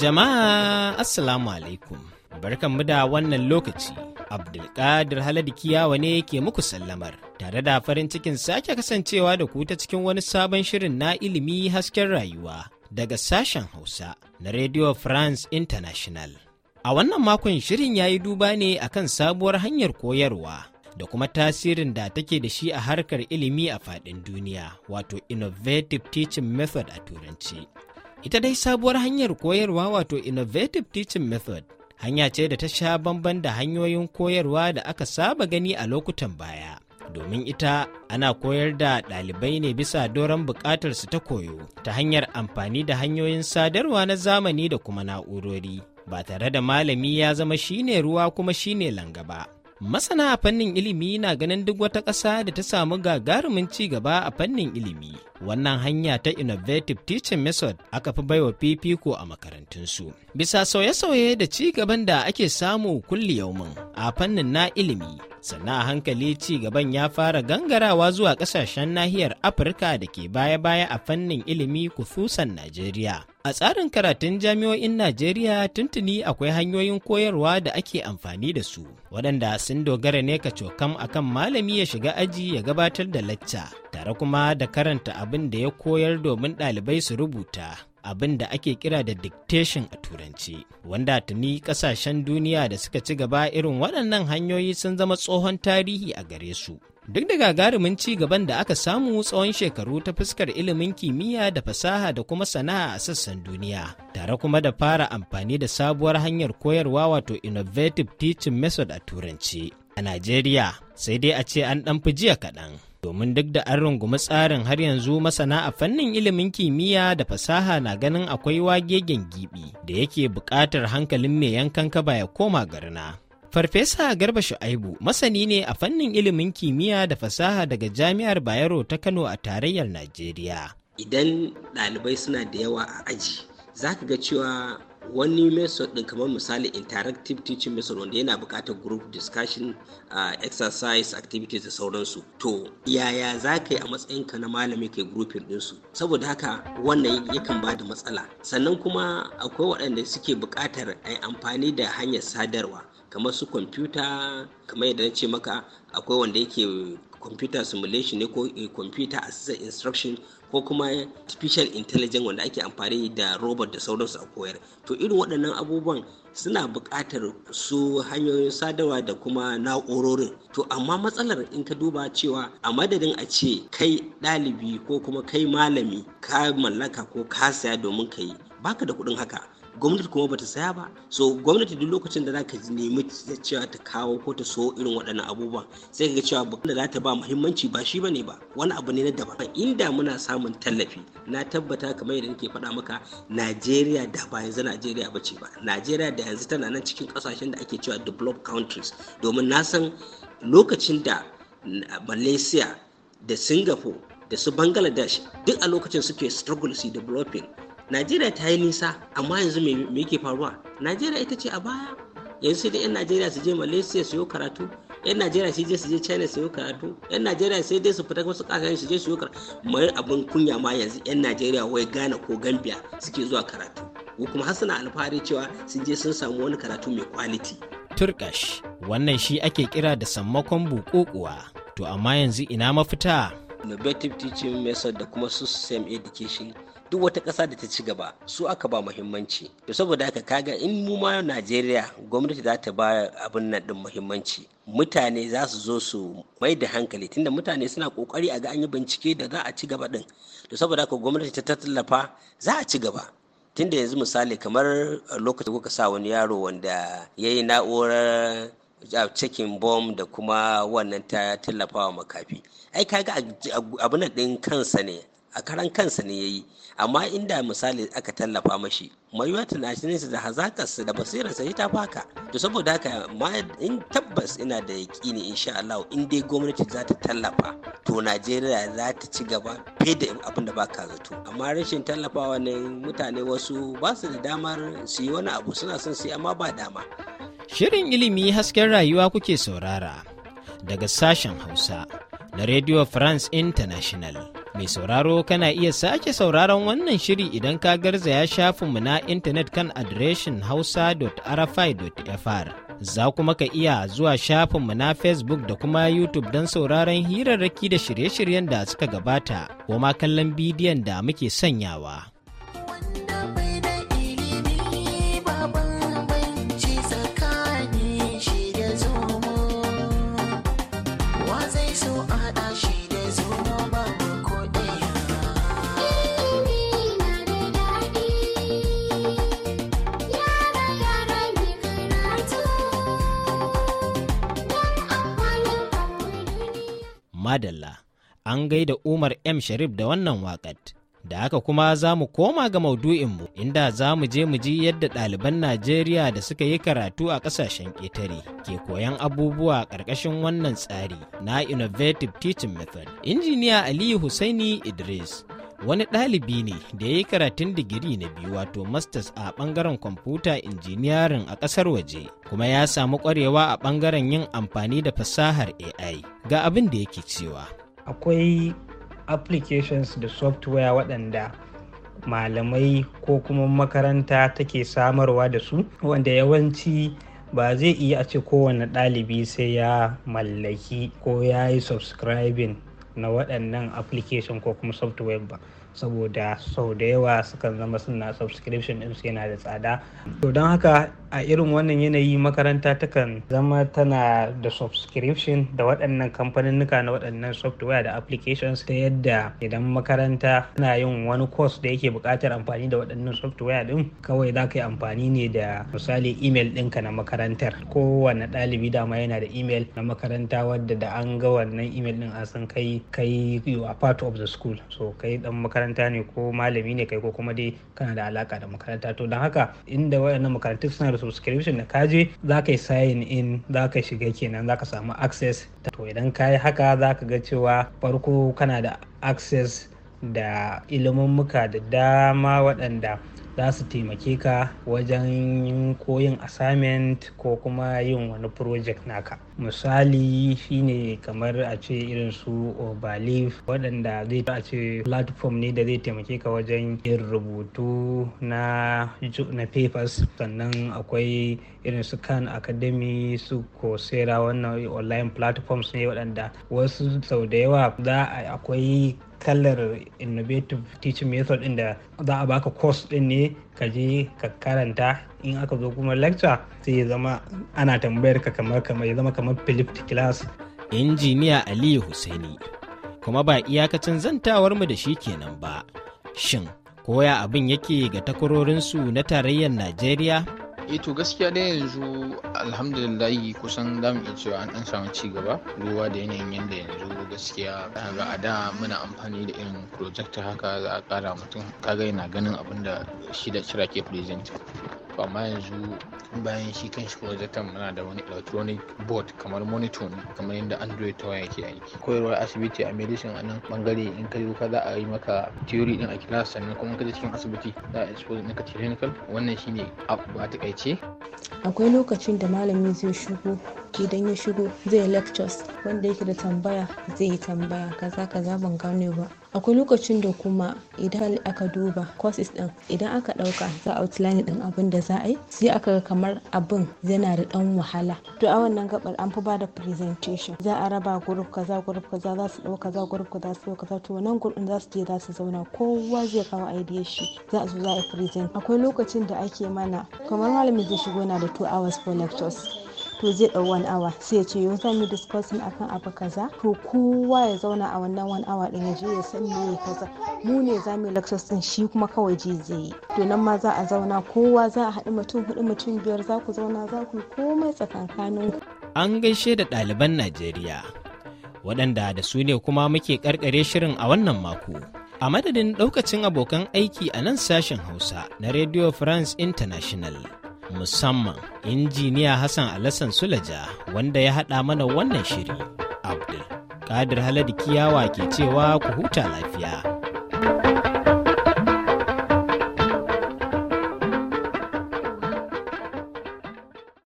Jama'a Assalamu alaikum. Barkanmu da wannan lokaci. Abdulkadir Haladu Kiyawa ne ke muku sallamar, tare da farin cikin sake kasancewa da ku ta cikin wani sabon shirin na ilimi hasken rayuwa daga sashen Hausa na Radio France International. A wannan makon shirin ya yi duba ne akan sabuwar hanyar koyarwa da kuma tasirin da take da shi a harkar ilimi a faɗin duniya, wato Innovative Teaching Method a Turanci. Ita dai sabuwar hanyar koyarwa wato Innovative Teaching Method hanya ce da ta sha bamban da hanyoyin koyarwa da aka saba gani a lokutan baya. Domin ita ana koyar da ɗalibai ne bisa doron su ta koyo ta hanyar amfani da hanyoyin sadarwa na zamani da kuma na'urori ba tare da malami ya zama shine ruwa kuma shine langa ba. Masana a fannin ilimi na ganin duk wata ƙasa da ta samu gagarumin ci gaba a fannin ilimi. Wannan hanya ta Innovative Teaching Method aka fi baiwa fifiko a makarantunsu. Bisa sauye-sauye da ci gaban da ake samu kulli yaumin a fannin na ilimi. Sannan a hankali ci gaban ya fara gangarawa zuwa ƙasashen nahiyar Afirka da ke baya-baya a fannin ilimi kususan Najeriya. A tsarin karatun jami'o'in Najeriya tuntuni akwai hanyoyin koyarwa da ake amfani da su, waɗanda sun dogara ne ka cokam akan malami ya shiga aji ya gabatar da lacca, tare kuma da karanta abin da ya koyar domin ɗalibai su rubuta. abin da ake kira da dictation a turanci wanda tuni kasashen duniya da suka ci gaba irin waɗannan hanyoyi sun zama tsohon tarihi a gare su duk da gagarumin ci gaban da aka samu tsawon shekaru ta fuskar ilimin kimiyya da fasaha da kuma sana'a a sassan duniya tare kuma da fara amfani da sabuwar hanyar koyarwa wato innovative teaching method a turanci a najeriya sai dai a ce an ɗan jiya kaɗan domin duk da an rungumi tsarin har yanzu masana a fannin ilimin kimiyya da fasaha na ganin akwai wagegen gibi da yake buƙatar hankalin mai yankan kaba ya koma garna Farfesa Garba Shu'aibu masani ne a fannin ilimin kimiyya da fasaha daga Jami'ar Bayero ta Kano a tarayyar Najeriya. Idan ɗalibai suna da yawa a aji, za ka ga cewa wani method ɗin kamar misali interactive teaching method wanda yana buƙatar group discussion uh, exercise activities da sauransu to yaya za ka yi a matsayinka na malami kai grouping su? saboda haka wannan yakan ba da matsala sannan kuma akwai waɗanda suke buƙatar a amfani da hanyar sadarwa kamar su kwamfuta kamar yadda na ce maka akwai wanda yake computer simulation ne ko eh, computer assisted instruction ko kuma artificial intelligence wanda ake amfani da robot da sauransu a koyar to irin waɗannan abubuwan suna buƙatar su hanyoyin sadarwa da kuma na'urorin to amma matsalar in ka duba cewa a madadin a ce kai ɗalibi ko kuma kai malami ka mallaka ko ka saya domin ka yi baka da kuɗin haka gwamnati kuma bata saya ba so gwamnati duk lokacin da zaka nemi cewa ta kawo ko ta so irin waɗannan abubuwan sai ka ga cewa da za ta ba muhimmanci ba shi bane ba wani abu ne na daban inda muna samun tallafi na tabbata kamar yadda nake faɗa maka Najeriya da ba yanzu Najeriya ba ce ba Najeriya da yanzu tana nan cikin ƙasashen da ake cewa developed countries domin na san lokacin da Malaysia da Singapore da su Bangladesh duk a lokacin suke struggle su developing najeriya ta yi nisa amma yanzu me yake faruwa najeriya ita ce a baya yanzu sai dai 'yan najeriya su je malaysia su yi karatu 'yan najeriya sai su je china su yi karatu 'yan najeriya sai dai su fita wasu kasashen su je su yi karatu mai abin kunya ma yanzu 'yan najeriya wai ghana ko gambia suke zuwa karatu ko kuma har suna alfahari cewa sun je sun samu wani karatu mai kwaliti turkash wannan shi ake kira da sammakon bukukuwa to amma yanzu ina mafita innovative teaching method da kuma system education duk wata ƙasa da ta ci gaba su aka ba muhimmanci to saboda haka kaga in mu ma najeriya gwamnati za ta ba abin nan din muhimmanci mutane za su zo su mai da hankali tunda mutane suna kokari a ga an yi bincike da za a ci gaba din to saboda haka gwamnati ta tallafa za a ci gaba tunda yanzu misali kamar lokacin kuka sa wani yaro wanda ya yi na'urar ah, cikin bom da kuma wannan ta tallafawa makafi ai kaga abin din kansa ne a karan kansa ne ya yi amma inda misali aka tallafa mashi mayuwa tunaninsa da hazakarsa da basirarsa ta faka to saboda haka ma in tabbas ina da yaƙini insha Allah in dai gwamnati za ta tallafa to Najeriya za ta ci gaba fiye da abin da baka zato amma rashin tallafawa ne mutane wasu ba su da damar su yi wani abu suna son su yi amma ba dama Shirin ilimi hasken rayuwa kuke saurara daga sashen Hausa na Radio France International. Mai sauraro kana iya sake sauraron wannan shiri idan ka garzaya shafinmu na intanet kan adireshin hausa.arafai.fr. Za kuma ka iya zuwa shafinmu na Facebook da kuma YouTube don sauraron hirarraki da shirye-shiryen da suka gabata, ko ma kallon bidiyon da muke sanyawa. madalla an gaida umar m sharif da wannan wakat da haka kuma za mu koma ga maudu'inmu inda za mu je mu ji yadda ɗaliban najeriya da suka yi karatu a ƙasashen ƙetare ke koyan abubuwa ƙarƙashin wannan tsari na innovative teaching method injiniya aliyu Hussaini idris wani ɗalibi ne da ya yi karatun digiri na biyu wato masters a ɓangaren kwamfuta injiniyarin a ƙasar waje kuma ya samu ƙwarewa a ɓangaren yin amfani da fasahar ai ga abin da yake cewa akwai applications da software waɗanda malamai ko kuma makaranta take samarwa da su wanda yawanci ba zai iya a ce kowane ɗalibi sai ya mallaki ko ya yi subscribing na waɗannan application ko kuma software ba saboda sau da yawa sukan zama suna subscription su yana da tsada to don haka a irin wannan yanayi makaranta takan zama tana da subscription da waɗannan kamfaninnika na waɗannan software da applications ta yadda idan makaranta tana yin wani course da yake buƙatar amfani da waɗannan software ɗin kawai za ka yi amfani ne da misali email ɗinka na makarantar kowane ɗalibi dama yana da email na makaranta wadda da an ga wannan email ɗin a san kai kai a are part of the school so kai ɗan makaranta makaranta ne ko malami ne kai ko kuma dai kana da alaka da makaranta to don haka inda waɗannan makarantu suna da subscription da kaje za ka yi sign in za ka shiga kenan za ka samu access to idan ka yi haka za ka ga cewa farko kana da access da ilimin muka da dama waɗanda za su taimake ka wajen koyin assignment ko kuma yin wani project naka misali shine kamar a ce irin su overleaf waɗanda zai a ce platform ne da zai taimake ka wajen yin rubutu na na papers sannan akwai irin su kan academy su coursera wannan online platforms ne waɗanda wasu sau da yawa za a akwai kalar innovative teaching method ɗin da za a baka course din ne ka je ka karanta in aka zo kuma lecture sai ya zama ana tambayar ka kamar kamar ya zama kamar flipped class injiniya aliyu husaini kuma ba iyakacin zantawar mu da shi kenan ba shin koya abin yake ga takwarorinsu na tarayyar najeriya eh to gaskiya dai yanzu alhamdulillahi kusan za cewa an dan samu ci gaba ruwa da yanayin yanda yanzu gaskiya ga a da muna amfani da irin projector haka za a kara mutum kaga yana ganin abin da shi da cira ke present amma yanzu bayan shi kan shi projector muna da wani electronic board kamar monitor kamar yadda android ta waya ke aiki koyarwar asibiti a medicine a nan bangare in ka zo ka za a yi maka theory din a class sannan kuma ka je cikin asibiti za a expose ɗinka clinical wannan shine abu a takaice akwai lokacin da malami zai shigo idan ya shigo zai lectures wanda yake da tambaya zai yi tambaya kaza kaza ban gane ba akwai lokacin da kuma idan aka duba courses din idan aka dauka za a outline din abin da za a yi sai aka ga kamar abin yana da dan wahala to a wannan gabar an fi bada presentation za a raba group kaza group kaza za su dauka kaza group kaza su kaza to wannan group din za su je za su zauna kowa zai kawo idea shi za a zo za a present akwai lokacin da ake mana kamar malamin zai shigo na da 2 hours for lectures to zai ɗau wani awa sai ya ce yau za yi discussing akan abu kaza to kowa ya zauna a wannan wani awa ɗin ya je ya san me ya kaza mu ne za mu yi lectures ɗin shi kuma kawai je zai yi to nan ma za a zauna kowa za a haɗu mutum huɗu mutum biyar za ku zauna za ku komai tsakankanin ku. an gaishe da ɗaliban najeriya waɗanda da su ne kuma muke karkare shirin a wannan mako. A madadin ɗaukacin abokan aiki a nan sashen Hausa na Radio France International. musamman injiniya Hassan Alassan Sulaja wanda ya haɗa mana wannan shiri. Abdul Kadir Haladu Kiyawa ke cewa ku huta lafiya.